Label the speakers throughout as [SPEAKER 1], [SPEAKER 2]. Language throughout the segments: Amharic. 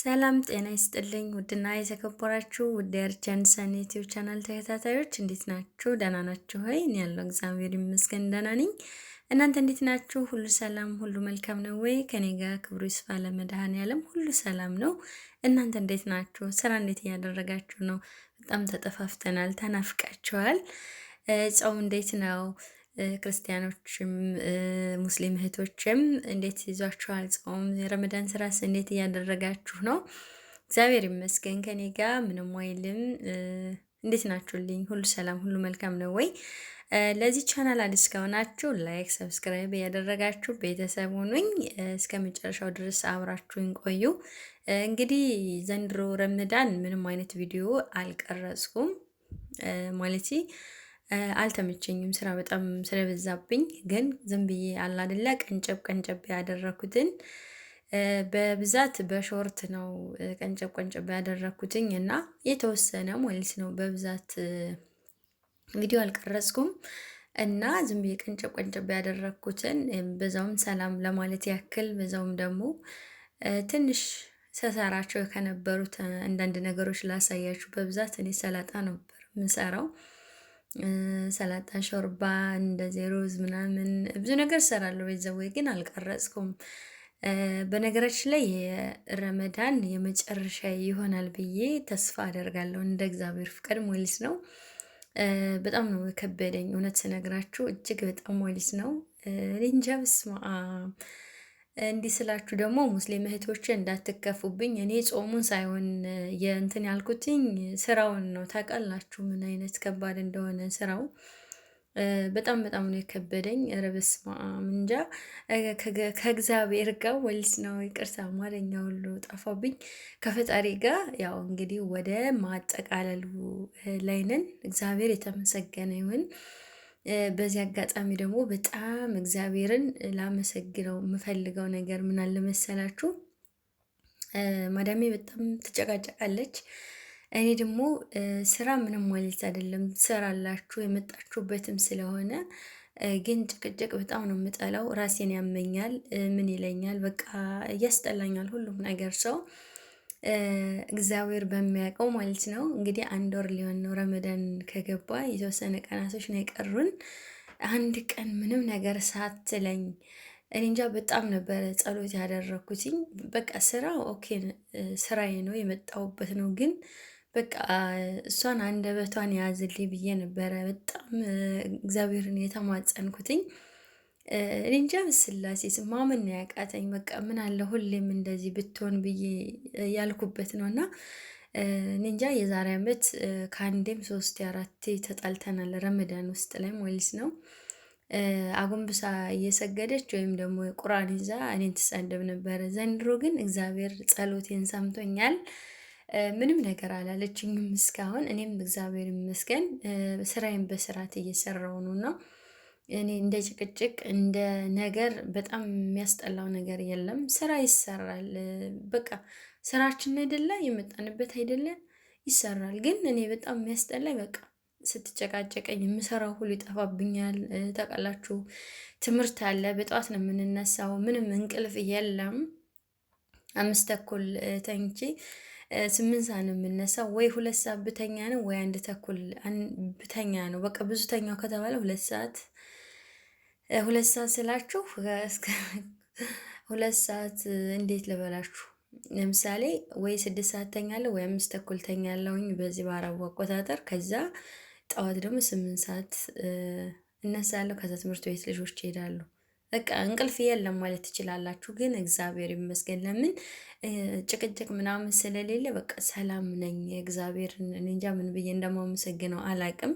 [SPEAKER 1] ሰላም ጤና ይስጥልኝ። ውድና የተከበራችሁ ውድ የርቸን ሰኔቲው ቻናል ተከታታዮች እንዴት ናችሁ? ደህና ናችሁ ሆይ? እኔ ያለው እግዚአብሔር ይመስገን ደህና ነኝ። እናንተ እንዴት ናችሁ? ሁሉ ሰላም፣ ሁሉ መልካም ነው ወይ? ከኔ ጋር ክብሩ ይስፋ ለመድኃኔዓለም ሁሉ ሰላም ነው። እናንተ እንዴት ናችሁ? ስራ እንዴት እያደረጋችሁ ነው? በጣም ተጠፋፍተናል፣ ተናፍቃችኋል። ጨው እንዴት ነው? ክርስቲያኖችም ሙስሊም እህቶችም እንዴት ይዟችኋል? ጾም የረመዳን ስራስ እንዴት እያደረጋችሁ ነው? እግዚአብሔር ይመስገን ከኔ ጋር ምንም አይልም። እንዴት ናችሁልኝ? ሁሉ ሰላም፣ ሁሉ መልካም ነው ወይ? ለዚህ ቻናል አዲስ ከሆናችሁ ላይክ፣ ሰብስክራይብ እያደረጋችሁ ቤተሰብ ሁኑኝ። እስከ መጨረሻው ድረስ አብራችሁኝ ቆዩ። እንግዲህ ዘንድሮ ረመዳን ምንም አይነት ቪዲዮ አልቀረጽኩም ማለት አልተመቸኝም። ስራ በጣም ስለበዛብኝ ግን ዝም ብዬ አለ ቀንጨብ ቀንጨብ ያደረኩትን በብዛት በሾርት ነው ቀንጨብ ቀንጨብ ያደረኩትኝ እና የተወሰነ ማለት ነው። በብዛት ቪዲዮ አልቀረጽኩም እና ዝም ብዬ ቀንጨብ ቀንጨብ ያደረኩትን በዛውም ሰላም ለማለት ያክል በዛውም ደግሞ ትንሽ ሰሰራቸው ከነበሩት አንዳንድ ነገሮች ላሳያችሁ። በብዛት እኔ ሰላጣ ነበር የምሰራው። ሰላጣ፣ ሾርባ፣ እንደዚህ ሩዝ ምናምን ብዙ ነገር እሰራለሁ። ቤተሰብ ወይ ግን አልቀረጽኩም። በነገራችን ላይ የረመዳን የመጨረሻ ይሆናል ብዬ ተስፋ አደርጋለሁ እንደ እግዚአብሔር ፍቃድ ሞሊስ ነው። በጣም ነው የከበደኝ እውነት ስነግራችሁ እጅግ በጣም ሞሊስ ነው። እኔ ብስማ እንዲህ ስላችሁ ደግሞ ሙስሊም እህቶች እንዳትከፉብኝ። እኔ ጾሙን ሳይሆን የእንትን ያልኩትኝ ስራውን ነው። ታውቃላችሁ ምን አይነት ከባድ እንደሆነ ስራው በጣም በጣም ነው የከበደኝ። ኧረ በስመ አብ እንጃ ከእግዚአብሔር ጋር ወልስ ነው ይቅርታ፣ አማርኛ ሁሉ ጠፋብኝ። ከፈጣሪ ጋር ያው እንግዲህ ወደ ማጠቃለሉ ላይ ነን። እግዚአብሔር የተመሰገነ ይሁን። በዚህ አጋጣሚ ደግሞ በጣም እግዚአብሔርን ላመሰግነው የምፈልገው ነገር ምን አለመሰላችሁ ማዳሜ በጣም ትጨቃጨቃለች። እኔ ደግሞ ስራ ምንም ማለት አይደለም፣ ትሰራላችሁ የመጣችሁበትም ስለሆነ ግን ጭቅጭቅ በጣም ነው የምጠላው። ራሴን ያመኛል፣ ምን ይለኛል፣ በቃ እያስጠላኛል ሁሉም ነገር ሰው እግዚአብሔር በሚያውቀው ማለት ነው። እንግዲህ አንድ ወር ሊሆን ነው ረመዳን ከገባ የተወሰነ ቀናቶች ነው የቀሩን። አንድ ቀን ምንም ነገር ሳትለኝ እኔ እንጃ በጣም ነበረ ጸሎት ያደረግኩትኝ። በቃ ስራ ኦኬ ስራዬ ነው የመጣሁበት ነው፣ ግን በቃ እሷን አንደበቷን ያዝልኝ ብዬ ነበረ በጣም እግዚአብሔርን የተማጸንኩትኝ። እንጃ ምስላሴ ማመን ነው ያቃተኝ። በቃ ምን አለ ሁሌም እንደዚህ ብትሆን ብዬ ያልኩበት ነው እና እንጃ የዛሬ ዓመት ከአንዴም ሶስት አራቴ ተጣልተናል። ረመዳን ውስጥ ላይ ሞሊስ ነው አጎንብሳ እየሰገደች ወይም ደግሞ ቁርአን ይዛ እኔን ትሳደብ ነበረ። ዘንድሮ ግን እግዚአብሔር ጸሎቴን ሰምቶኛል። ምንም ነገር አላለችኝም እስካሁን። እኔም እግዚአብሔር ይመስገን ስራዬን በስርዓት እየሰራው ነው ነው እኔ እንደ ጭቅጭቅ እንደ ነገር በጣም የሚያስጠላው ነገር የለም። ስራ ይሰራል፣ በቃ ስራችን አይደለ የመጣንበት አይደለ ይሰራል። ግን እኔ በጣም የሚያስጠላኝ በቃ ስትጨቃጨቀኝ የምሰራው ሁሉ ይጠፋብኛል። ታውቃላችሁ፣ ትምህርት አለ፣ በጠዋት ነው የምንነሳው፣ ምንም እንቅልፍ የለም። አምስት ተኩል ተኝቼ ስምንት ሰዓት ነው የምነሳው። ወይ ሁለት ሰዓት ብተኛ ነው ወይ አንድ ተኩል ብተኛ ነው። በቃ ብዙ ተኛው ከተባለ ሁለት ሰዓት ሁለት ሰዓት ስላችሁ ሁለት ሰዓት እንዴት ልበላችሁ? ለምሳሌ ወይ ስድስት ሰዓት ተኛለሁ ወይ አምስት ተኩል ተኛለሁኝ በዚህ በአረቡ አቆጣጠር። ከዛ ጠዋት ደግሞ ስምንት ሰዓት እነሳለሁ። ከዛ ትምህርት ቤት ልጆች ይሄዳሉ። በቃ እንቅልፍ የለም ማለት ትችላላችሁ። ግን እግዚአብሔር ይመስገን ለምን ጭቅጭቅ ምናምን ስለሌለ በቃ ሰላም ነኝ። እግዚአብሔር እንጃ ምን ብዬ እንደማመሰግነው አላቅም።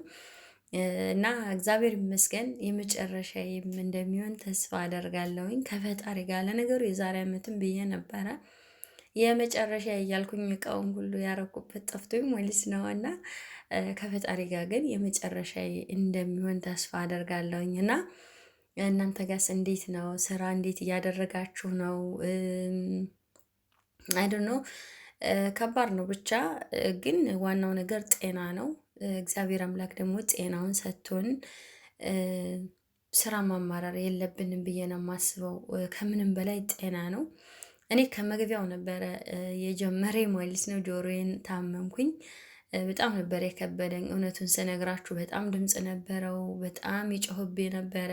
[SPEAKER 1] እና እግዚአብሔር ይመስገን የመጨረሻዬም እንደሚሆን ተስፋ አደርጋለሁኝ ከፈጣሪ ጋር። ለነገሩ የዛሬ ዓመትም ብዬ ነበረ የመጨረሻ እያልኩኝ እቃውን ሁሉ ያረኩበት ጠፍቶኝ ሞሊስ ነው እና ከፈጣሪ ጋር ግን የመጨረሻ እንደሚሆን ተስፋ አደርጋለሁኝ እና እናንተ ጋስ እንዴት ነው? ስራ እንዴት እያደረጋችሁ ነው? ዶንት ነው ከባድ ነው ብቻ ግን ዋናው ነገር ጤና ነው። እግዚአብሔር አምላክ ደግሞ ጤናውን ሰጥቶን ስራ ማማራር የለብንም ብዬ ነው የማስበው። ከምንም በላይ ጤና ነው። እኔ ከመግቢያው ነበረ የጀመረ ማለት ነው። ጆሮዬን ታመምኩኝ። በጣም ነበር የከበደኝ። እውነቱን ስነግራችሁ በጣም ድምፅ ነበረው። በጣም ይጮህቤ ነበረ።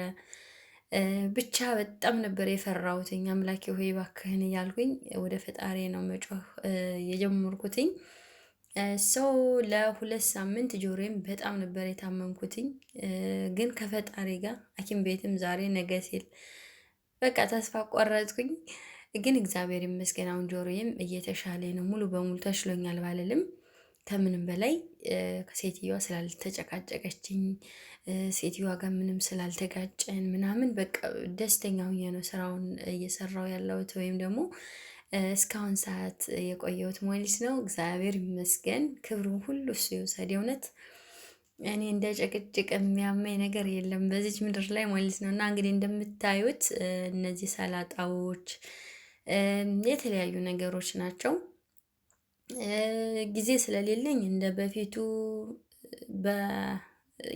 [SPEAKER 1] ብቻ በጣም ነበር የፈራሁትኝ። አምላኬ ሆይ እባክህን እያልኩኝ ወደ ፈጣሪ ነው መጮህ የጀመርኩትኝ። ሰው ለሁለት ሳምንት ጆሮዬም በጣም ነበር የታመምኩትኝ። ግን ከፈጣሪ ጋር ሐኪም ቤትም ዛሬ ነገ ሲል በቃ ተስፋ ቆረጥኩኝ። ግን እግዚአብሔር ይመስገን አሁን ጆሮዬም እየተሻለ ነው። ሙሉ በሙሉ ተሽሎኛል ባልልም ከምንም በላይ ከሴትዮዋ ስላልተጨቃጨቀችኝ ሴትዮዋ ጋር ምንም ስላልተጋጨን ምናምን በቃ ደስተኛ ሁኜ ነው ስራውን እየሰራው ያለሁት ወይም ደግሞ እስካሁን ሰዓት የቆየሁት ማለት ነው። እግዚአብሔር ይመስገን፣ ክብሩ ሁሉ እሱ ይውሰድ። የእውነት እኔ እንደ ጭቅጭቅ የሚያመኝ ነገር የለም በዚች ምድር ላይ ማለት ነው። እና እንግዲህ እንደምታዩት እነዚህ ሰላጣዎች የተለያዩ ነገሮች ናቸው። ጊዜ ስለሌለኝ እንደ በፊቱ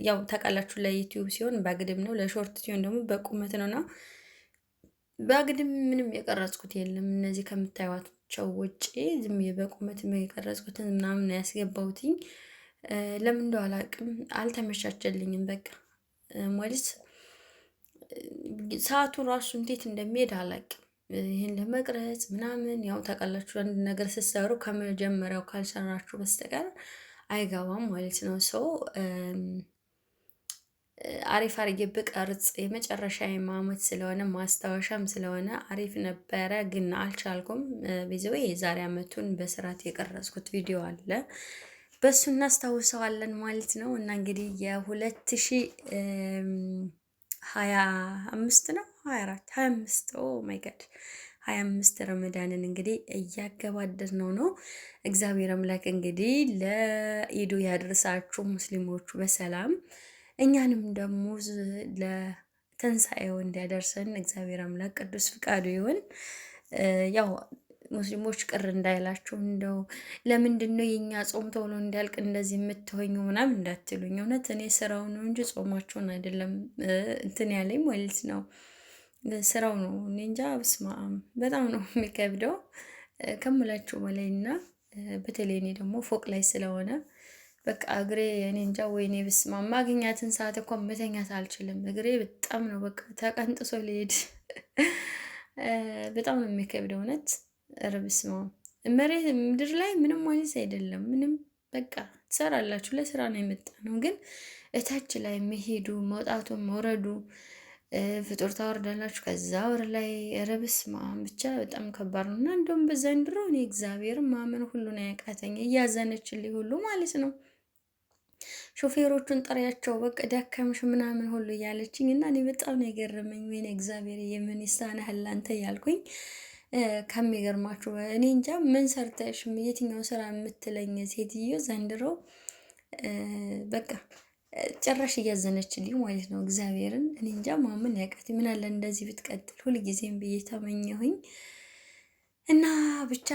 [SPEAKER 1] ያው ተቃላችሁ ለዩቲዩብ ሲሆን በግድም ነው፣ ለሾርት ሲሆን ደግሞ በቁመት ነው ነው በአግድም ምንም የቀረጽኩት የለም። እነዚህ ከምታዩቸው ውጭ ዝም በቁመት የቀረጽኩትን ምናምን ያስገባውትኝ ለምን እንደው አላውቅም፣ አልተመቻቸልኝም። በቃ ማለት ሰዓቱ ራሱ እንዴት እንደሚሄድ አላውቅም። ይህን ለመቅረጽ ምናምን ያው ታውቃላችሁ፣ አንድ ነገር ስትሰሩ ከመጀመሪያው ካልሰራችሁ በስተቀር አይገባም ማለት ነው ሰው አሪፍ አርጌ ብቀርጽ የመጨረሻ የማመት ስለሆነ ማስታወሻም ስለሆነ አሪፍ ነበረ፣ ግን አልቻልኩም። ቢዘው የዛሬ አመቱን በስርዓት የቀረጽኩት ቪዲዮ አለ በእሱ እናስታውሰዋለን ማለት ነው። እና እንግዲህ የሁለት ሺ ሀያ አምስት ነው ሀያ አራት ሀያ አምስት ኦ ማይ ጋድ ሀያ አምስት ረመዳንን እንግዲህ እያገባደድ ነው ነው። እግዚአብሔር አምላክ እንግዲህ ለኢዱ ያድርሳችሁ ሙስሊሞቹ በሰላም እኛንም ደግሞ ለትንሣኤው እንዲያደርሰን እግዚአብሔር አምላክ ቅዱስ ፍቃዱ ይሁን። ያው ሙስሊሞች ቅር እንዳይላችሁ እንደው ለምንድን ነው የእኛ ጾም ቶሎ እንዲያልቅ እንደዚህ የምትሆኙ ምናምን እንዳትሉኝ። እውነት እኔ ስራው ነው እንጂ ጾማችሁን አይደለም እንትን ያለኝ ማለት ነው። ስራው ነው እኔ እንጃ። በስመ አብ በጣም ነው የሚከብደው ከምላችሁ በላይ እና በተለይ እኔ ደግሞ ፎቅ ላይ ስለሆነ በቃ እግሬ እኔ እንጃ ወይኔ ብስማ ማግኛትን ሰዓት እኮ መተኛት አልችልም። እግሬ በጣም ነው በቃ ተቀንጥሶ ሊሄድ በጣም ነው የሚከብድ እውነት። ኧረ ብስማ መሬት ምድር ላይ ምንም አይነት አይደለም። ምንም በቃ ትሰራላችሁ፣ ለስራ ነው የመጣ ነው። ግን እታች ላይ መሄዱ መውጣቱ መውረዱ ፍጡር ታወርዳላችሁ ከዛ ወር ላይ ረብስ ማም ብቻ በጣም ከባድ ነው እና እንደውም በዘንድሮ እኔ እግዚአብሔር ማመን ሁሉን ያቃተኝ እያዘነችልኝ ሁሉ ማለት ነው። ሾፌሮቹን ጠሪያቸው በቃ ደከምሽ ምናምን ሁሉ እያለችኝ እና እኔ በጣም ነው የገረመኝ። ወይኔ እግዚአብሔር የምን ይሳነህ ላንተ ያልኩኝ። ከሚገርማችሁ እኔ እንጃ ምን ሰርተሽ የትኛው ስራ የምትለኝ ሴትዮ ዘንድሮ በቃ ጭራሽ እያዘነችልኝ ማለት ነው። እግዚአብሔርን እኔ እንጃ ማምን ያቀት ምን አለ እንደዚህ ብትቀጥል ሁልጊዜም ብዬ ተመኘሁኝ። እና ብቻ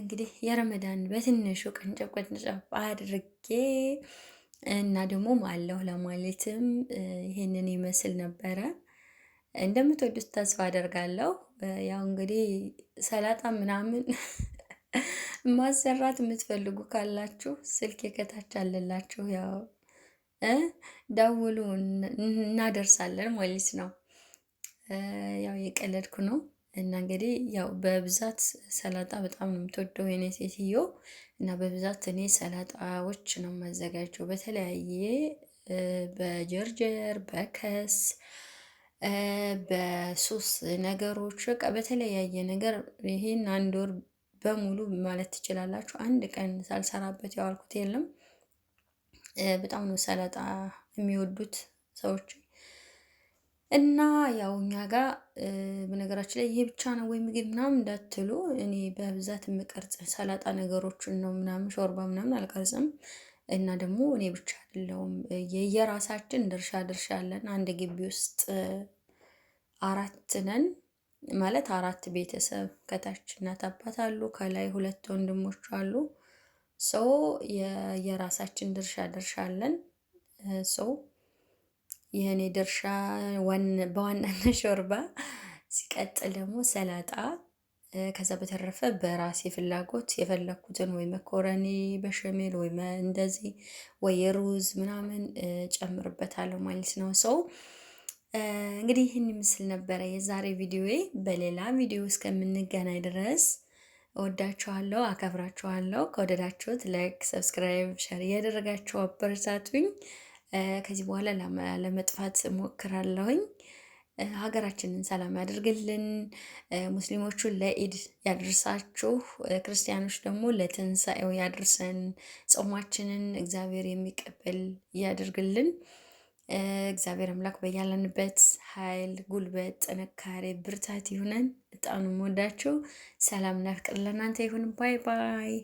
[SPEAKER 1] እንግዲህ የረመዳን በትንሹ ቀንጨብ ቀንጨብ አድርጌ እና ደግሞ አለሁ ለማለትም ይህንን ይመስል ነበረ። እንደምትወዱት ተስፋ አደርጋለሁ። ያው እንግዲህ ሰላጣ ምናምን ማሰራት የምትፈልጉ ካላችሁ ስልክ ከታች አለላችሁ። ያው ደውሉ እናደርሳለን ማለት ነው። ያው የቀለድኩ ነው። እና እንግዲህ ያው በብዛት ሰላጣ በጣም ነው የምትወደው የኔ ሴትዮ እና በብዛት እኔ ሰላጣዎች ነው የማዘጋጀው በተለያየ በጀርጀር በከስ በሶስ ነገሮች በቃ በተለያየ ነገር ይሄን አንድ ወር በሙሉ ማለት ትችላላችሁ። አንድ ቀን ሳልሰራበት ያዋልኩት የለም። በጣም ነው ሰላጣ የሚወዱት ሰዎች። እና ያው እኛ ጋር በነገራችን ላይ ይሄ ብቻ ነው ወይ ምግብ ምናምን እንዳትሉ፣ እኔ በብዛት የምቀርጽ ሰላጣ ነገሮችን ነው ምናምን ሾርባ ምናምን አልቀርጽም። እና ደግሞ እኔ ብቻ አይደለሁም የየራሳችን ድርሻ ድርሻ አለን። አንድ ግቢ ውስጥ አራት ነን ማለት አራት ቤተሰብ ከታች እናት አባት አሉ፣ ከላይ ሁለት ወንድሞች አሉ። ሰው የየራሳችን ድርሻ ድርሻ አለን ሰው የእኔ ድርሻ በዋናነት ሾርባ፣ ሲቀጥል ደግሞ ሰላጣ ከዛ በተረፈ በራሴ ፍላጎት የፈለግኩትን ወይ መኮረኒ በሸሜል ወይ እንደዚህ ወይ ሩዝ ምናምን ጨምርበታለሁ ማለት ነው። ሰው እንግዲህ ይህን ምስል ነበረ የዛሬ ቪዲዮዬ። በሌላ ቪዲዮ እስከምንገናኝ ድረስ እወዳችኋለሁ፣ አከብራችኋለሁ። ከወደዳችሁት ላይክ፣ ሰብስክራይብ፣ ሸር እያደረጋችሁ አበረታቱኝ። ከዚህ በኋላ ለመጥፋት ሞክራለሁኝ። ሀገራችንን ሰላም ያደርግልን፣ ሙስሊሞቹን ለኢድ ያደርሳችሁ፣ ክርስቲያኖች ደግሞ ለትንሣኤው ያድርሰን። ጾማችንን እግዚአብሔር የሚቀበል ያደርግልን። እግዚአብሔር አምላክ በያለንበት ኃይል፣ ጉልበት፣ ጥንካሬ፣ ብርታት ይሁነን። እጣኑ ወዳችሁ ሰላምና ፍቅር ለእናንተ ይሁን። ባይ ባይ